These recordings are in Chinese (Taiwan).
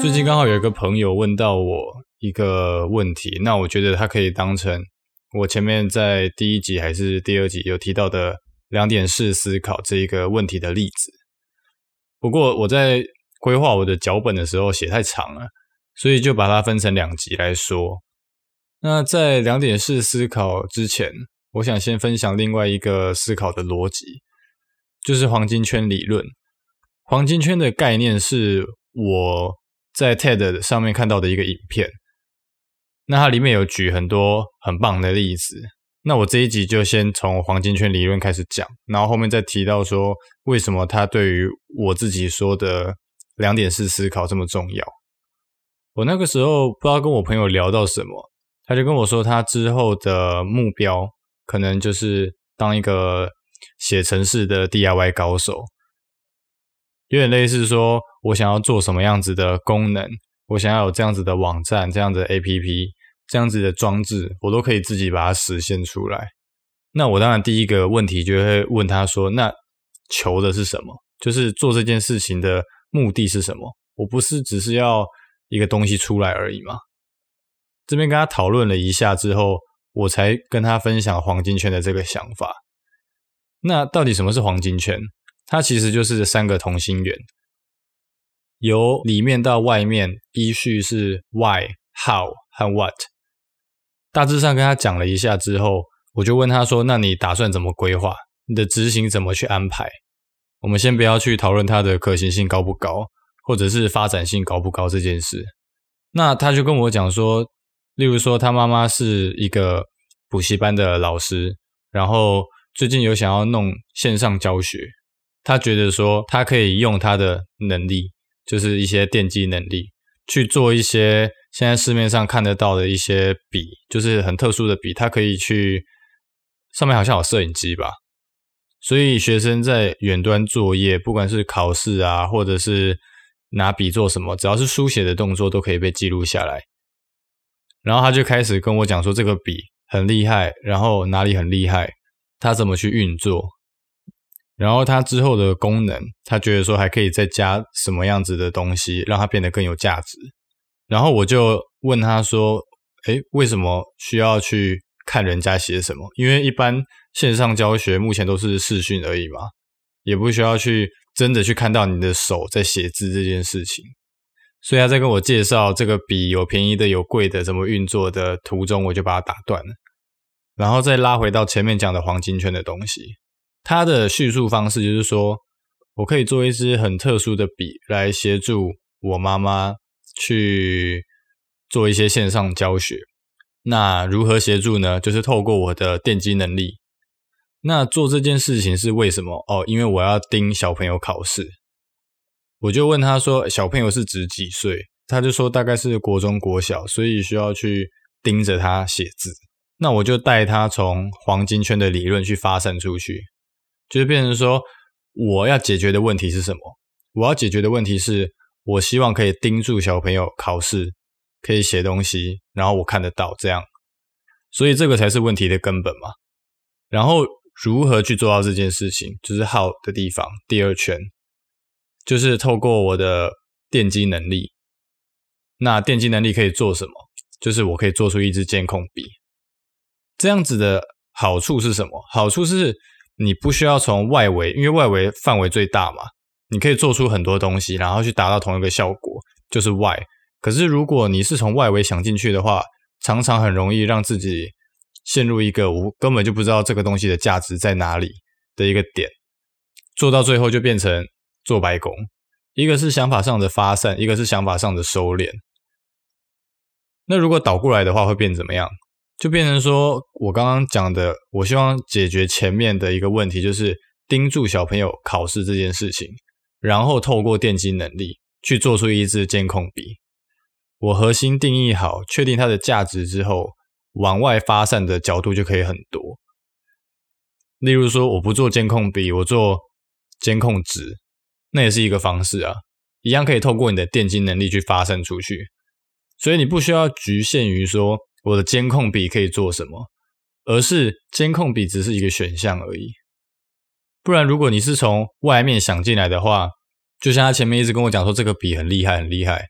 最近剛好有一個朋友問到我一個問題，那我覺得它可以當成我前面在第一集還是第二集有提到的兩點式思考這一個問題的例子。不過我在規劃我的腳本的時候寫太長了，所以就把它分成兩集來說。那在兩點式思考之前，我想先分享另外一個思考的邏輯，就是黃金圈理論。黃金圈的概念是我在 TED 上面看到的一個影片，那它裡面有舉很多很棒的例子。那我這一集就先從黃金圈理論開始講，然後後面再提到說為什麼它對於我自己說的兩點式思考這麼重要。我那個時候不知道跟我朋友聊到什麼。他就跟我說，他之後的目標可能就是當一個寫程式的 DIY 高手，有點類似說，我想要做什麼樣子的功能，我想要有這樣子的網站、這樣子 APP、這樣子的裝置，我都可以自己把它實現出來。那我當然第一個問題就會問他說，那求的是什麼？就是做這件事情的目的是什麼？我不是只是要一個東西出來而已嗎？這邊跟他討論了一下之後，我才跟他分享黃金圈的這個想法。那到底什麼是黃金圈？它其實就是三個同心圓，由裡面到外面依序是 Why、How 和 What。大致上跟他講了一下之後，我就問他說：“那你打算怎麼規劃？你的執行怎麼去安排？”我們先不要去討論它的可行性高不高，或者是發展性高不高這件事。那他就跟我講說，例如說，他媽媽是一個補習班的老師，然後最近有想要弄線上教學。他覺得說，他可以用他的能力，就是一些電機能力，去做一些現在市面上看得到的一些筆，就是很特殊的筆。他可以去上面好像有攝影機吧，所以學生在遠端作業，不管是考試啊，或者是拿筆做什麼，只要是書寫的動作，都可以被記錄下來。然後他就開始跟我講說，這個筆很厲害，然後哪裡很厲害，他怎麼去運作，然後他之後的功能，他覺得說還可以再加什麼樣子的東西，讓它變得更有價值。然後我就問他說，哎，為什麼需要去看人家寫什麼？因為一般線上教學目前都是視訊而已嘛，也不需要去真的去看到你的手在寫字這件事情。所以他在跟我介紹這個筆有便宜的，有貴的，怎麼運作的途中，我就把它打斷了。然後再拉回到前面講的黃金圈的東西，他的敘述方式就是說，我可以做一支很特殊的筆來協助我媽媽去做一些線上教學。那如何協助呢？就是透過我的電機能力。那做這件事情是為什麼？哦，因為我要盯小朋友考試。我就問他說：“小朋友是指幾歲？”他就說：“大概是國中、國小，所以需要去盯着他寫字。”那我就帶他從黃金圈的理論去發散出去，就是變成說：“我要解決的問題是什麼？我要解決的問題是我希望可以盯住小朋友考試，可以寫東西，然後我看得到這樣，所以這個才是問題的根本嘛。然後如何去做到這件事情，就是好的地方第二圈。”就是透過我的電機能力，那電機能力可以做什麼？就是我可以做出一支監控筆。這樣子的好處是什麼？好處是你不需要從外圍，因為外圍範圍最大嘛，你可以做出很多東西，然後去達到同一個效果，就是外。可是如果你是從外圍想進去的話，常常很容易讓自己陷入一個我根本就不知道這個東西的價值在哪裡的一個點，做到最後就變成。做白工，一個是想法上的發散，一個是想法上的收斂。那如果倒過來的話，會變怎麼樣？就變成說我剛剛講的，我希望解決前面的一個問題，就是盯住小朋友考試這件事情，然後透過電機能力去做出一支監控筆。我核心定義好，確定它的價值之後，往外發散的角度就可以很多。例如說，我不做監控筆，我做監控紙。那也是一個方式啊，一樣可以透過你的電機能力去發生出去，所以你不需要局限於說我的監控筆可以做什麼，而是監控筆只是一個選項而已。不然如果你是從外面想進來的話，就像他前面一直跟我講說這個筆很厲害很厲害，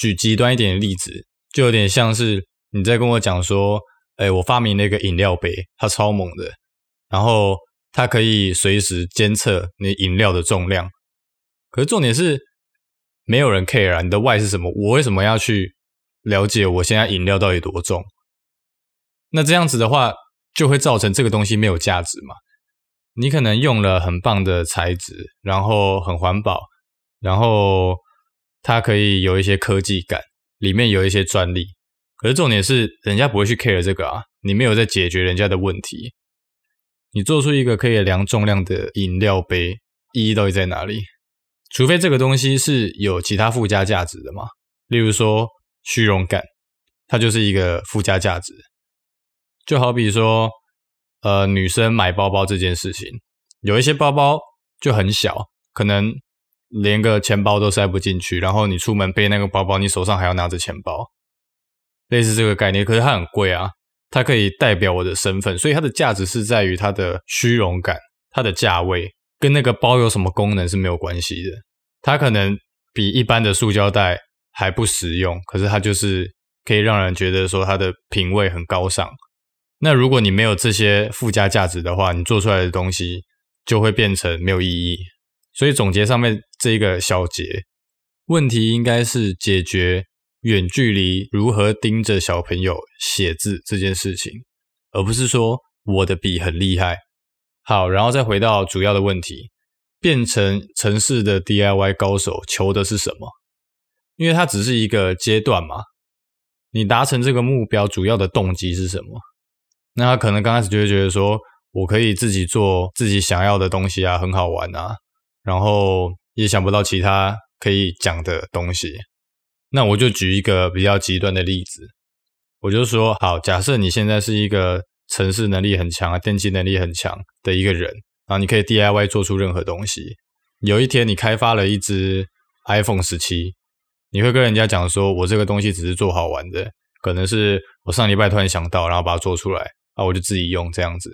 舉極端一點的例子，就有點像是你在跟我講說，哎、欸，我發明了一個飲料杯，它超猛的，然後它可以隨時監測你飲料的重量。可是重點是沒有人 care 啊！你的 why 是什麼？我為什麼要去了解我現在飲料到底多重？那這樣子的話，就會造成這個東西沒有價值嘛？你可能用了很棒的材質，然後很環保，然後它可以有一些科技感，裡面有一些專利。可是重點是，人家不會去 care 這個啊！你沒有在解決人家的問題。你做出一個可以量重量的飲料杯，意、e、義到底在哪裡？除非這個東西是有其他附加價值的嘛，例如說虛榮感，它就是一個附加價值。就好比說，呃，女生買包包這件事情，有一些包包就很小，可能連個錢包都塞不進去，然後你出門背那個包包，你手上還要拿着錢包，類似這個概念。可是它很貴啊，它可以代表我的身份，所以它的價值是在於它的虛榮感，它的價位。跟那個包有什麼功能是沒有關係的，它可能比一般的塑膠袋還不實用，可是它就是可以讓人覺得說它的品味很高尚。那如果你沒有這些附加價值的話，你做出來的東西就會變成沒有意義。所以總結上面這一個小節，問題應該是解決遠距離如何盯着小朋友寫字這件事情，而不是說我的筆很厲害。好，然後再回到主要的問題，變成城市的 DIY 高手，求的是什麼？因為它只是一個階段嘛，你達成這個目標，主要的動機是什麼？那他可能剛開始就會覺得說，我可以自己做自己想要的東西啊，很好玩啊，然後也想不到其他可以講的東西。那我就舉一個比較極端的例子，我就說，好，假設你現在是一個。程式能力很強啊，電機能力很強的一個人，啊，然後你可以 DIY 做出任何東西。有一天你開發了一支 iPhone 十七，你會跟人家講說，我這個東西只是做好玩的，可能是我上禮拜突然想到，然後把它做出來啊，我就自己用這樣子。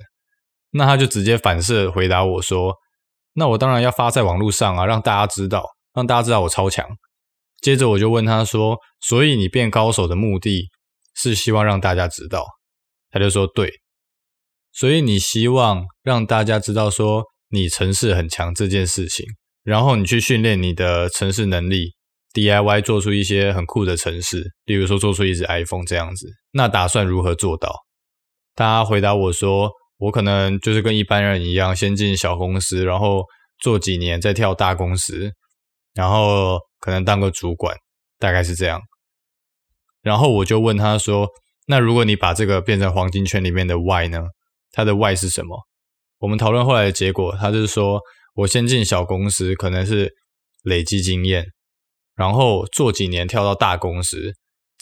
那他就直接反射回答我說，那我當然要發在網絡上啊，讓大家知道，讓大家知道我超強。接着我就問他說，所以你變高手的目的是希望讓大家知道？他就說對。所以你希望讓大家知道說你程式很強這件事情，然後你去訓練你的程式能力，DIY 做出一些很酷的程式，例如說做出一隻 iPhone 這樣子。那打算如何做到？他回答我說，我可能就是跟一般人一樣，先進小公司，然後做幾年再跳大公司，然後可能當個主管，大概是這樣。然後我就問他說，那如果你把這個變成黃金圈裡面的 Y 呢？他的 why 是什麼？我們討論後來的結果，他就是說：我先進小公司，可能是累積經驗，然後做幾年跳到大公司，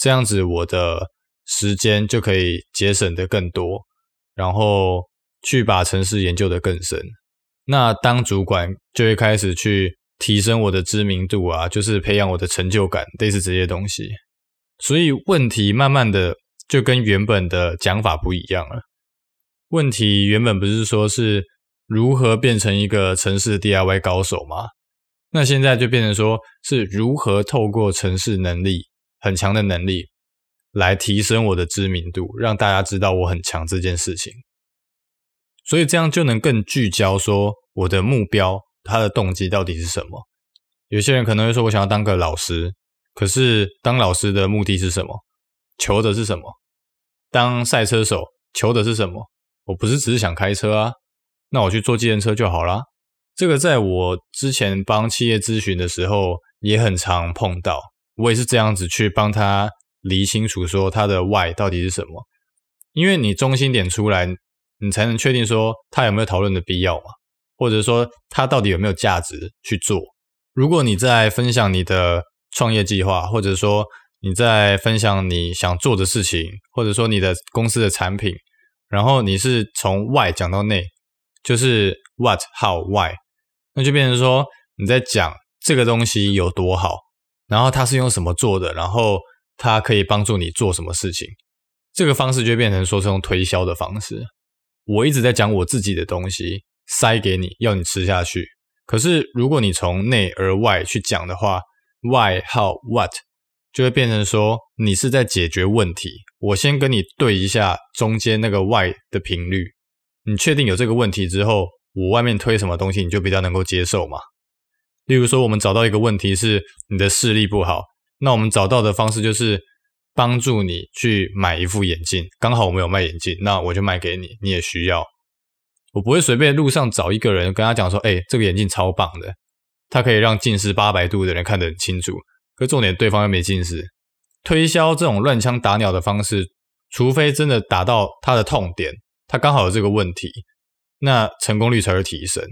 這樣子我的時間就可以節省得更多，然後去把城市研究得更深。那當主管就會開始去提升我的知名度啊，就是培養我的成就感，類似這些東西。所以問題慢慢的就跟原本的講法不一樣了。問題原本不是說是如何變成一個城市 DIY 高手嗎？那現在就變成說是如何透過城市能力很強的能力來提升我的知名度，讓大家知道我很強這件事情。所以這樣就能更聚焦說我的目標，他的動機到底是什麼？有些人可能會說我想要當個老師，可是當老師的目的是什麼？求的是什麼？當賽車手求的是什麼？我不是只是想開車啊，那我去坐計程車就好啦。這個在我之前幫企業諮詢的時候也很常碰到，我也是這樣子去幫他理清楚說他的 Why 到底是什麼，因為你中心點出來，你才能確定說他有沒有討論的必要嘛，或者說他到底有沒有價值去做。如果你在分享你的創業計劃，或者說你在分享你想做的事情，或者說你的公司的產品。然後你是從外講到內，就是 what how why，那就變成說你在講這個東西有多好，然後它是用什麼做的，然後它可以幫助你做什麼事情，這個方式就變成說是用推銷的方式。我一直在講我自己的東西塞給你，要你吃下去。可是如果你從內而外去講的話，why how what，就會變成說你是在解決問題。我先跟你對一下中間那個 Y 的頻率，你確定有這個問題之後，我外面推什麼東西你就比較能夠接受嘛。例如說，我們找到一個問題是你的視力不好，那我們找到的方式就是幫助你去買一副眼鏡。剛好我們有賣眼鏡，那我就賣給你，你也需要。我不會隨便路上找一個人跟他講說，誒、欸，這個眼鏡超棒的，它可以讓近視八百度的人看得很清楚。可是重點對方又沒近視。推銷這種亂槍打鳥的方式，除非真的打到他的痛點，他剛好有這個問題，那成功率才會提升。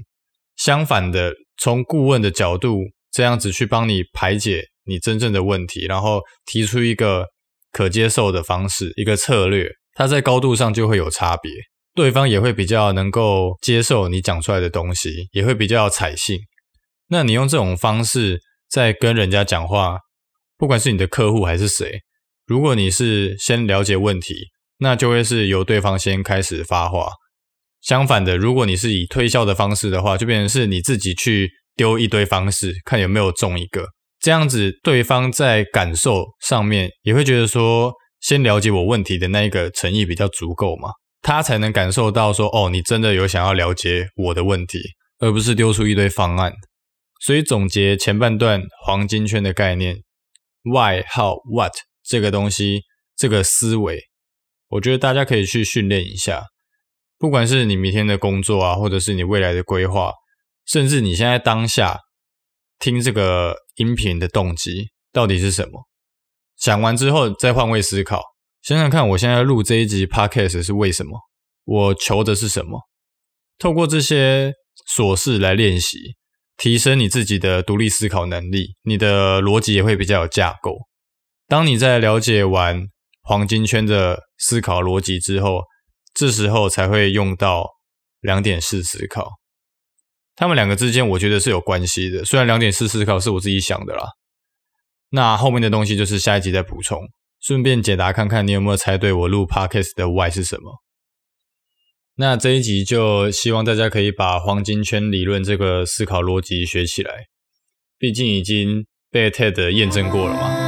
相反的，從顧問的角度，這樣子去幫你排解你真正的問題，然後提出一個可接受的方式，一個策略，它在高度上就會有差別，對方也會比較能夠接受你講出來的東西，也會比較採信。那你用這種方式在跟人家講話，不管是你的客戶還是誰，如果你是先了解問題，那就會是由對方先開始發話。相反的，如果你是以推銷的方式的話，就變成是你自己去丟一堆方式，看有沒有中一個。這樣子，對方在感受上面也會覺得說，先了解我問題的那一個誠意比較足夠嘛，他才能感受到說，哦，你真的有想要了解我的問題，而不是丟出一堆方案。所以總結前半段黃金圈的概念。Why、how、what 這個東西，這個思維，我覺得大家可以去訓練一下。不管是你明天的工作啊，或者是你未來的規劃，甚至你現在當下聽這個音頻的動機到底是什麼？講完之後再換位思考，想想看，看，我現在錄這一集 Podcast 是為什麼？我求的是什麼？透過這些瑣事來練習。提升你自己的獨立思考能力，你的邏輯也會比較有架構。當你在了解完黃金圈的思考邏輯之後，這時候才會用到兩點式思考。他們兩個之間，我覺得是有關係的。雖然兩點式思考是我自己想的啦，那後面的東西就是下一集再補充。順便解答看看你有沒有猜對，我錄 podcast 的 why 是什麼？那這一集就希望大家可以把黃金圈理論這個思考邏輯學起來，畢竟已經被 TED 驗證過了嘛。